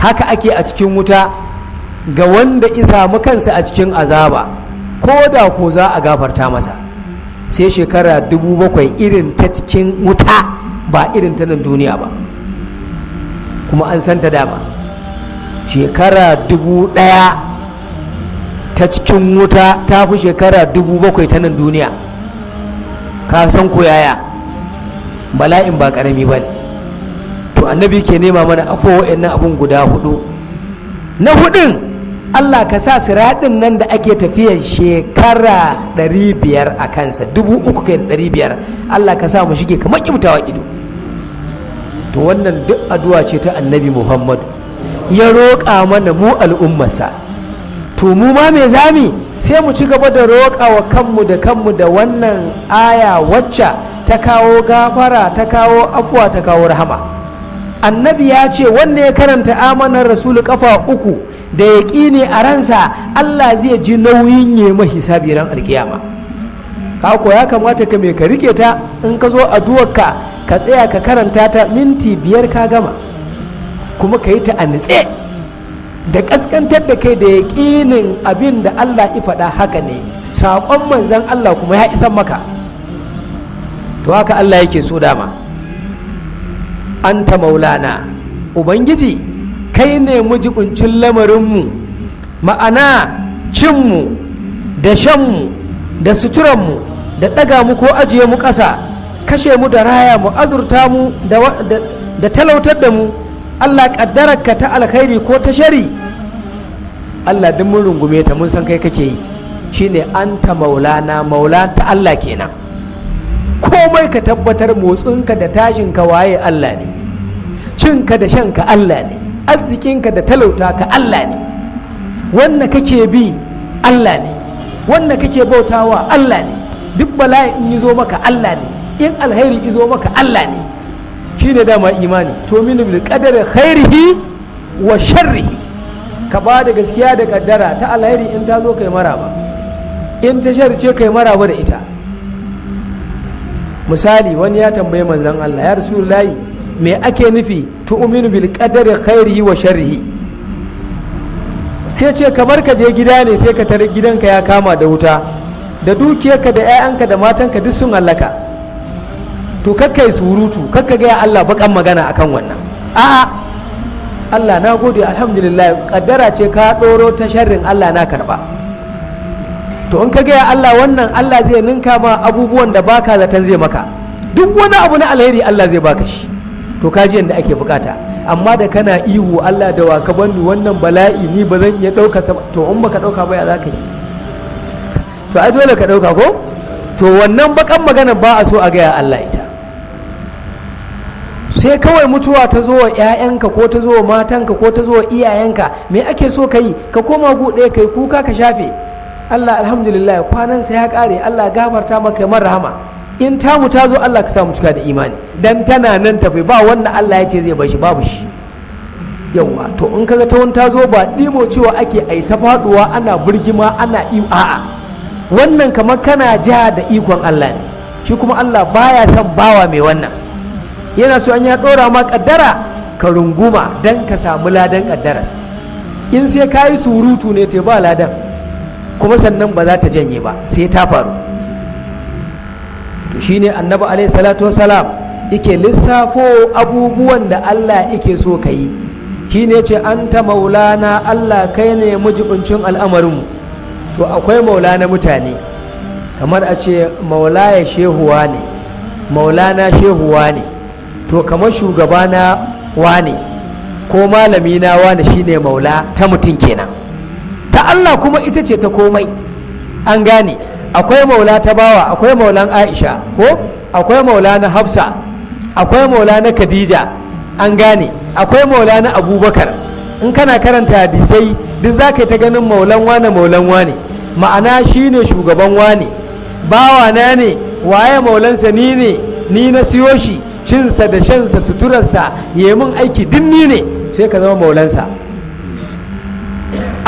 haka ake a cikin wuta ga wanda isamu kansa a cikin azaba ko da ko za a gafarta masa sai shekara dubu bakwai irin ta cikin wuta ba irin ta nan duniya ba kuma an san ta dama shekara dubu ɗaya ta cikin wuta ta fi shekara dubu bakwai ta nan duniya ka san ko yaya bala'in ba ƙarami ba ne annabi ke nema mana afo wa'annan abun guda hudu na hudun Allah ka sa siraɗin nan da ake tafiyan shekara 500 a kansa 3,500 Allah ka sa mu shige kamar kibtawa ido to wannan duk addu'a ce ta annabi Muhammadu ya roƙa mana mu al'ummarsa to mu ma me zami sai mu ci gaba da roƙa wa kanmu da kanmu da wannan aya wacce ta kawo gafara ta kawo afuwa ta kawo rahama annabi ya ce wanda ya karanta amanar rasulu kafa uku da ya ne a ransa Allah zai ji nauyin ya hisabi ran alkiyama ka ya kamata ka me ka rike ta in ka zo addu'arka ka tsaya ka karanta ta minti biyar ka gama kuma ka yi ta a nitse da kaskantar da kai da yaƙinin abin da Allah ya faɗa haka ne saƙon manzan Allah kuma ya isan maka to haka Allah yake so dama anta maulana ubangiji kai ne mujibuncin lamarinmu ma'ana cinmu da shanmu da suturanmu da ɗaga mu ko ajiye mu ƙasa kashe mu da raya mu azurta mu da talautar da mu allah ka ta alkhairi ko ta shari allah duk mun rungume ta mun san kai kake yi shine anta maulana maula ta allah kenan komai ka tabbatar motsinka da tashinka waye Allah ne cinka da shanka Allah ne arzikinka da talauta ka Allah ne wanda kake bi Allah ne wanda kake bautawa Allah ne duk bala'i in yi zo maka Allah ne in alheri yi zo maka Allah ne shi ne dama imani to min bil qadari khairihi wa sharrihi ka ba da gaskiya da kaddara ta alheri in ta zo kai maraba in ta sharri ce kai maraba da ita misali wani ya tambaye manzon Allah ya rasulullahi me ake nufi tu'minu bil qadari khairihi wa sharrihi sai ce kamar ka je gida ne sai ka tare gidanka ya kama da wuta da dukiyarka da 'ya'yanka da matanka duk sun hallaka to kakkai surutu kakka gaya Allah bakan magana akan wannan a'a Allah na gode alhamdulillah kaddara ce ka ɗoro ta sharrin Allah na karba to in ka gaya Allah wannan Allah zai ninka ma abubuwan da baka zaton zai maka duk wani abu na alheri Allah zai baka shi to kaji yadda ake bukata amma da kana ihu Allah da waka bandu wannan bala'i ni ba zan iya dauka to in baka dauka ba ya zaka yi to ai dole ka dauka ko to wannan bakan magana ba a so a gaya Allah ita sai kawai mutuwa ta zo wa 'ya'yanka ko ta zo wa matanka ko ta zo wa iyayenka me ake so ka yi ka koma gu ɗaya ka yi kuka ka shafe Allah alhamdulillah sa ya kare Allah gafarta maka mar rahama in tamu ta zo Allah ka samu cika da imani dan tana nan tafi ba wanda Allah ya ce zai bai shi babu shi yawa to in kaga ta wani ta zo ba dimo cewa ake ai ta faduwa ana burgima ana im a'a wannan kamar kana ja da ikon Allah ne shi kuma Allah baya son bawa mai wannan yana so an ya dora ma kaddara ka runguma dan ka samu ladan kaddaras in sai kayi surutu ne te ba ladan kuma sannan ba za ta janye ba sai ta faru to shine annabi alayhi salatu wasalam yake lissafo abubuwan da Allah yake so ka yi shine ce an ta maulana Allah kai ne mujibincin al'amarinmu to akwai maulana mutane kamar a ce maulaya shehuwa ne maulana shehuwa ne to kamar shugabana wane ko malamina wane shine maula ta mutum kenan ta Allah kuma ita ce ta komai an gane akwai maula ta bawa akwai maulan aisha ko akwai maula na hafsa akwai maula na khadija an gane akwai maula na abubakar in kana karanta hadisai duk za ka ta ganin maulan wane maulan wane ma'ana shi ne shugaban wane bawa na ne waye maulansa ni ne ni na siyo shi cinsa da shansa suturarsa mun aiki dinni ni ne sai ka zama maulansa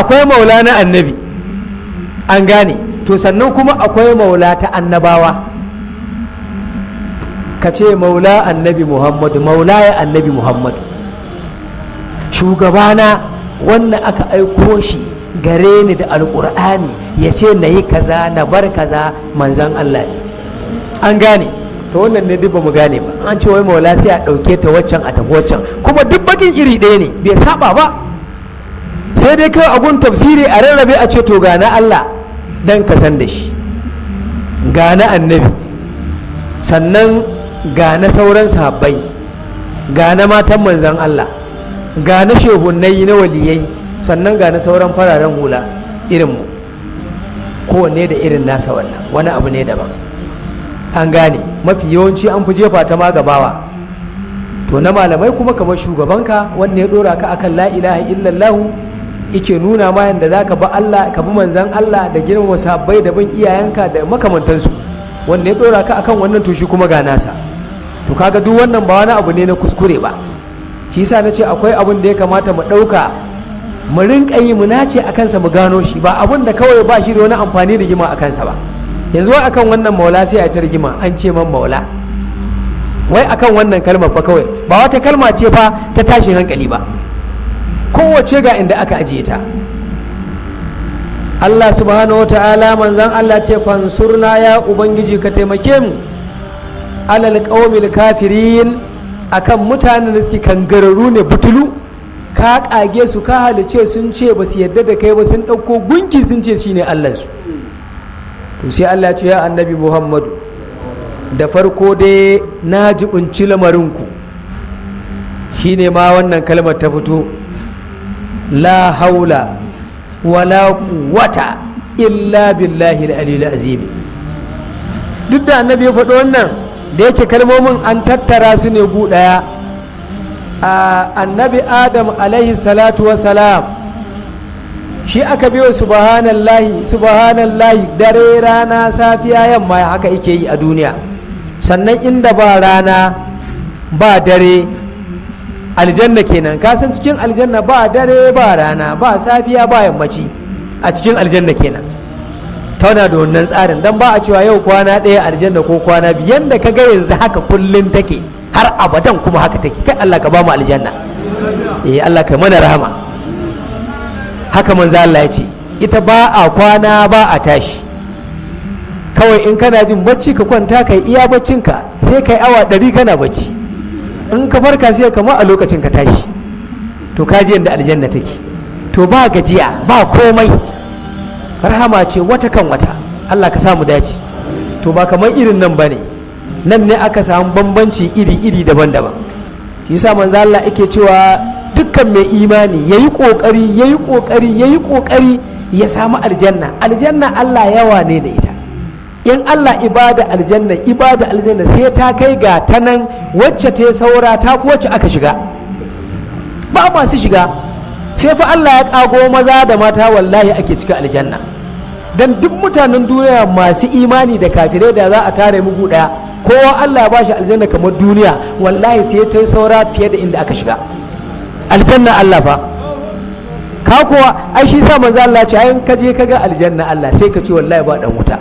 akwai maula na annabi an gane to sannan kuma akwai maula ta annabawa ka ce maula annabi muhammadu maula ya annabi muhammadu shugabana wannan aka aiko shi gare ni da Alkur'ani ya ce na yi kaza na bar kaza manzan allah ne an gane to wannan ne duk ba mu gane ba an ce wai maula sai a ɗauke ta waccan a tafi waccan kuma duk bakin iri ɗaya ne bai saba ba sai dai kawai abun tafsiri a rarrabe a ce to gana Allah dan ka san da shi gana annabi sannan gana sauran sahabbai gana matan manzan Allah gana shehunai na waliyai sannan gana sauran fararen hula irinmu kowanne da irin nasa wannan wani abu ne daban an gane mafi yawanci an fi jefa ta ma gabawa to na malamai kuma kamar shugabanka wanda ya dora ka akan la ilaha illallahu yake nuna ma yadda za ka bi Allah ka bi manzan Allah da girmama sabbai da bin iyayenka da makamantansu wanda ya dora ka akan wannan shi kuma ga nasa to kaga duk wannan ba wani abu ne na kuskure ba shi yasa nace akwai abin da ya kamata mu dauka mu rinka yi mu nace akan sa mu gano shi ba abin da kawai ba shi da wani amfani da gima akan sa ba yanzu akan wannan maula sai a ta rigima an ce man maula wai akan wannan kalmar fa kawai ba wata kalma ce fa ta tashin hankali ba kowace ga inda aka ajiye ta Allah subhanahu wata'ala manzan Allah ce fansurna ya ubangiji ka taimake mu alal qaumil kafirin akan mutanen da suke kangararru ne butulu ka kage su ka halice sun ce ba su yadda da kai ba sun ɗauko gunki sun ce shine Allah su to sai Allah ce ya annabi Muhammadu da farko dai na lamarin lamarinku shine ma wannan kalmar ta fito la haula wala quwwata illa billahi al-aliyyil duk da annabi ya wannan da yake kalmomin an tattara su ne gu ɗaya annabi adam alaihi salatu wa salam shi aka biyo subhanallahi subhanallahi dare rana safiya yamma haka yake yi a duniya sannan inda ba rana ba dare aljanna kenan ka san cikin aljanna ba dare ba rana ba safiya ba yammaci a cikin aljanna kenan tauna da wannan tsarin dan ba a cewa yau kwana ɗaya aljanna ko kwana biyan da ka ga yanzu haka kullum take har abadan kuma haka take kai Allah ka ba mu aljanna eh Allah ka mana rahama haka manzo Allah ya ce ita ba a kwana ba a tashi kawai in kana jin bacci ka kwanta kai iya baccinka sai kai awa ɗari kana bacci in ka farka sai kamar a lokacin ka tashi to ka ji yadda aljanna take to ba gajiya ba komai rahama ce wata kan wata Allah ka samu dace to ba kamar irin nan bane nan ne aka samu bambanci iri-iri daban-daban shi yasa manzo Allah yake cewa dukkan mai imani yayi kokari yayi kokari yayi kokari ya samu aljanna aljanna Allah yawa ne da ita in Allah ibada aljanna ibada aljanna sai ta kai ga ta nan wacce ta saura ta fi wacce aka shiga ba masu shiga sai fa Allah ya kago maza da mata wallahi ake cika aljanna dan duk mutanen duniya masu imani da kafirai da za a tare mu guda kowa Allah ya bashi aljanna kamar duniya wallahi sai ta saura fiye da inda aka shiga aljanna Allah fa ka kuwa ai shi sa manzo Allah ce ka je ka ga aljanna Allah sai ka ce wallahi ba dan wuta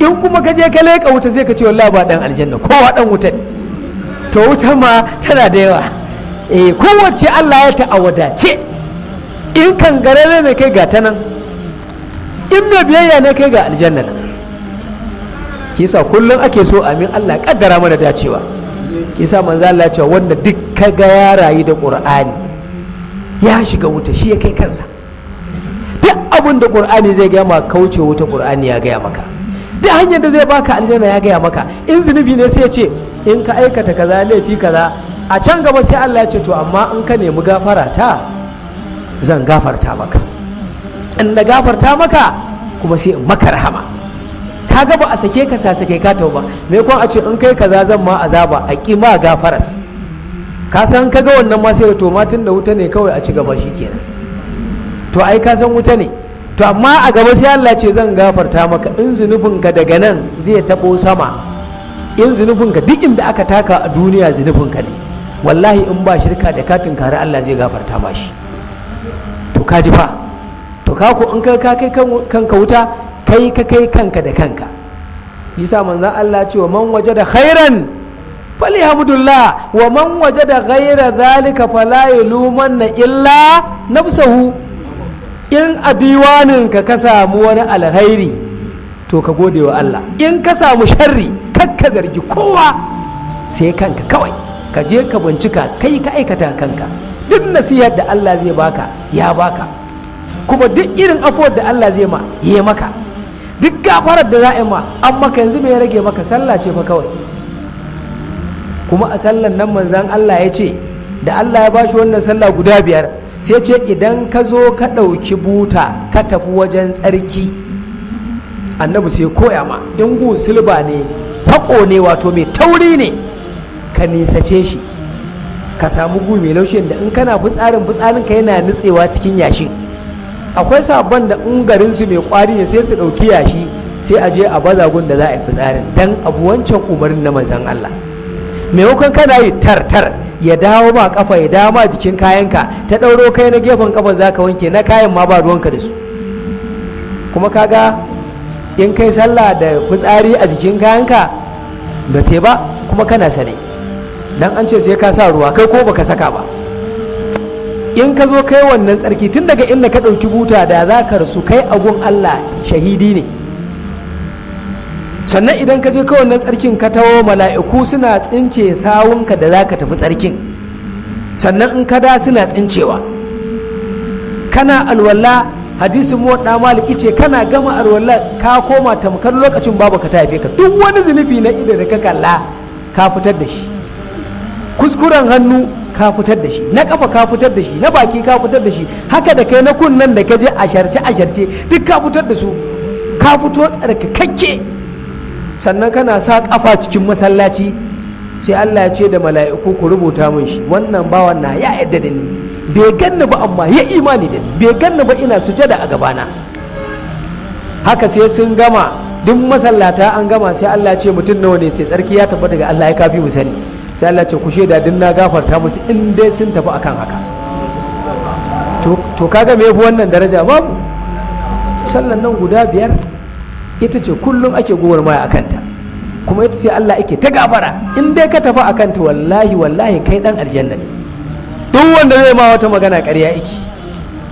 in kuma ka je ka leƙa wuta zai ka ce wallahi ba dan aljanna kowa dan wuta ne to wuta ma tana da yawa eh kowace Allah ya ta awadace in kangarare ne kai ga ta nan in mai biyayya ne kai ga aljanna nan kisa kullum ake so amin Allah kaddara mana dacewa kisa manzo Allah ce wanda duk ga ya rayu da Qur'ani ya shiga wuta shi ya kai kansa duk abin da Qur'ani zai ga ma kauce wuta Qur'ani ya gaya maka da hanyar da zai baka aljanna ya gaya maka in zunubi ne sai ya ce in ka aikata kaza laifi kaza a can gaba sai Allah ya ce to amma in ka nemi gafara ta zan gafarta maka in na gafarta maka kuma sai in maka rahama ka ga ba a sake ka sasake ka tauba me kon a ce in kai kaza zan ma azaba a ki ma gafaras ka san kaga wannan ma sai to matin da wuta ne kawai a ci gaba shikenan to ai ka san wuta ne to amma a gaba sai Allah ce zan gafarta maka in zunubinka daga nan zai tabo sama in zunubinka duk inda aka taka a duniya zunubinka ne wallahi in ba shirka da katin kare Allah zai gafarta ma shi to ka ji fa to ka ku in ka kai kanka wuta kai ka kai kanka da kanka yasa manzon Allah ce wa man wajada khairan falyahmudullah wa man wajada ghaira zalika fala yulumanna illa nafsuhu in a diwaninka ka samu wani alhairi to ka gode wa Allah in ka samu sharri ka zargi kowa sai kanka kawai ka je ka bincika kai ka aikata kanka duk nasihar da Allah zai baka ya baka kuma duk irin afuwar da Allah zai ma ya maka duk gafarar da za a ma an maka yanzu mai rage maka sallah ce fa kawai kuma a sallan nan manzan Allah ya ce da Allah ya bashi wannan sallah guda biyar sai ce idan ka zo ka ɗauki buta ka tafi wajen tsarki annabi sai koya ma ingu silba ne haƙo ne wato mai tauri ne ka nisace shi ka samu gu mai laushi da in kana fitsarin fitsarin ka yana nutsewa cikin yashin akwai sabon da in garinsu mai ƙwari ne sai su ɗauki yashi sai a je a bazagun da za a yi fitsarin dan abu wancan umarni na manzon Allah maimakon kana yi tartar ya dawo ma kafa ya dawo ma jikin kayanka ta ɗauro kai na gefen kafa za ka wanke na kayan ma ba ruwanka da su kuma kaga in kai sallah da fitsari a jikin kayanka ba te ba kuma kana sane dan an ce sai ka sa ruwa kai ko baka saka ba in ka zo kai wannan tsarki tun daga inda ka ɗauki buta da za ka rasu kai abun allah shahidi ne sannan idan ka je kawai na tsarkin ka tawo mala'iku suna tsince sawunka da za ka tafi tsarkin sannan in ka da suna tsincewa kana alwala hadisin muwadda maliki ce kana gama alwala ka koma tamkar lokacin babu ka haife ka duk wani zunubi na idan da ka kalla ka fitar da shi kuskuren hannu ka fitar da shi na kafa ka fitar da shi na baki ka fitar da shi haka da kai na kunnen da ka je a sharce a sharce duk ka fitar da su ka fito tsarkakakke sannan kana sa kafa cikin masallaci sai Allah ya ce da mala'iku ku rubuta min shi wannan bawan na ya yadda da ni bai ganna ba amma ya imani da ni bai ganna ba ina sujada a gabana haka sai sun gama duk masallata an gama sai Allah ce mutum nawa ne sai tsarki ya tabbata ga Allah ya kafi mu sani sai Allah ce ku shaida din na gafarta musu in dai sun tafi akan haka to kaga me yafi wannan daraja babu sallan nan guda biyar ita ce kullum ake maya a kanta kuma ita ce Allah ake ta gafara in dai ka tafi a kanta wallahi wallahi kai dan aljanna ne duk wanda zai ma wata magana ƙarya iki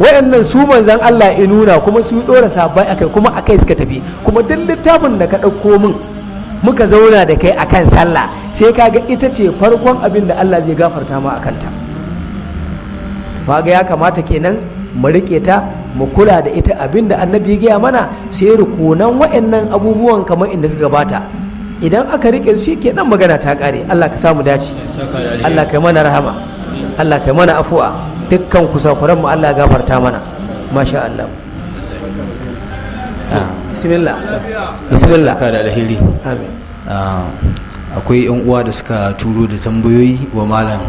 wayannan su manzan Allah ya nuna kuma su yi dora sabai akai kuma akai suka tafi kuma duk littafin da ka ɗauko min muka zauna da kai akan sallah sai kaga ita ce farkon abin da Allah zai gafarta ma a kanta ga ya kamata kenan mu riƙe ta mu kula da ita da annabi ya gaya mana sai rukunan wa'annan abubuwan kamar inda suka gabata idan aka riƙe su ke nan magana ta ƙare Allah ka samu dace Allah kai mana rahama Allah kai mana afuwa dukkan kusakuran mu Allah gafarta mana masha Allah ah. bismillah bismillah ka da alheri ah, akwai yan uwa da suka turo da tambayoyi wa malam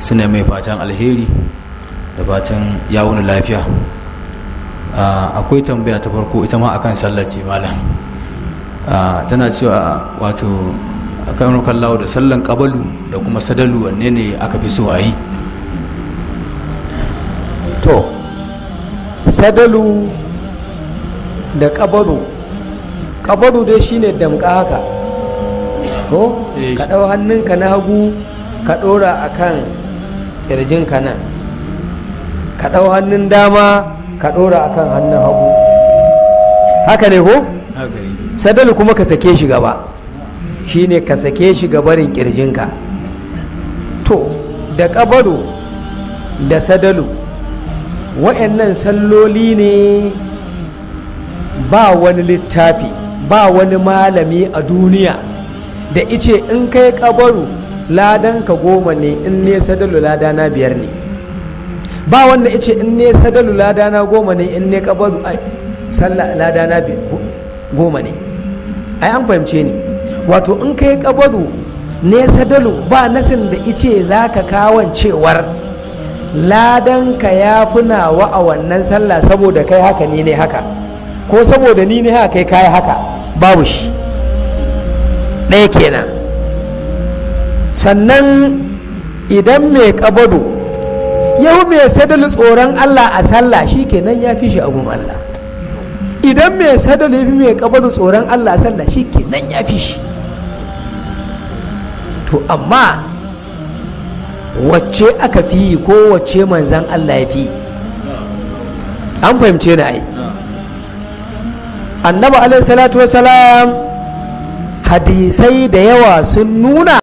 suna mai fatan alheri da fatan ya wuni lafiya akwai tambaya ta farko ita ma akan sallaci malam tana cewa wato akan rukallawa da sallan kabalu da kuma sadalu wanne ne aka fi so a yi to sadalu da kabalu kabalu dai shine damka haka ko eh. ka ɗau hannunka na hagu ka ɗora akan kirjinka nan ka ɗau hannun dama ka ɗora akan hannun hagu haka ne ko sadal kuma ka sake shi gaba shine ka sake shi gabarin kirjinka to da ƙabaru da sadalu wa'annan salloli ne ba wani littafi ba wani malami a duniya da ice in kai kabaru ladanka goma ne in ne sadalu ladana biyar ne ba wanda ya ce in ne sadalu ladana goma ne in ne kabaru sallah ladana goma ne ai an fahimce ni wato in kai kabaru ne sadalu ba nasin da ice za ka kawon cewar ladanka ya fi nawa a wannan sallah saboda kai haka ni ne haka ko saboda ni ne haka kai kai haka babu shi ɗaya kenan sannan idan mai kabaru yau mai sadalin tsoron Allah a sallah shi nan ya fi shi abun Allah idan mai sadalin fi mai kabarin tsoron Allah a sallah shi nan ya fi shi to amma wacce aka fi ko wacce manzan Allah ya fi an fahimce na ai annabi alaihi salatu wasalam hadisai da yawa sun nuna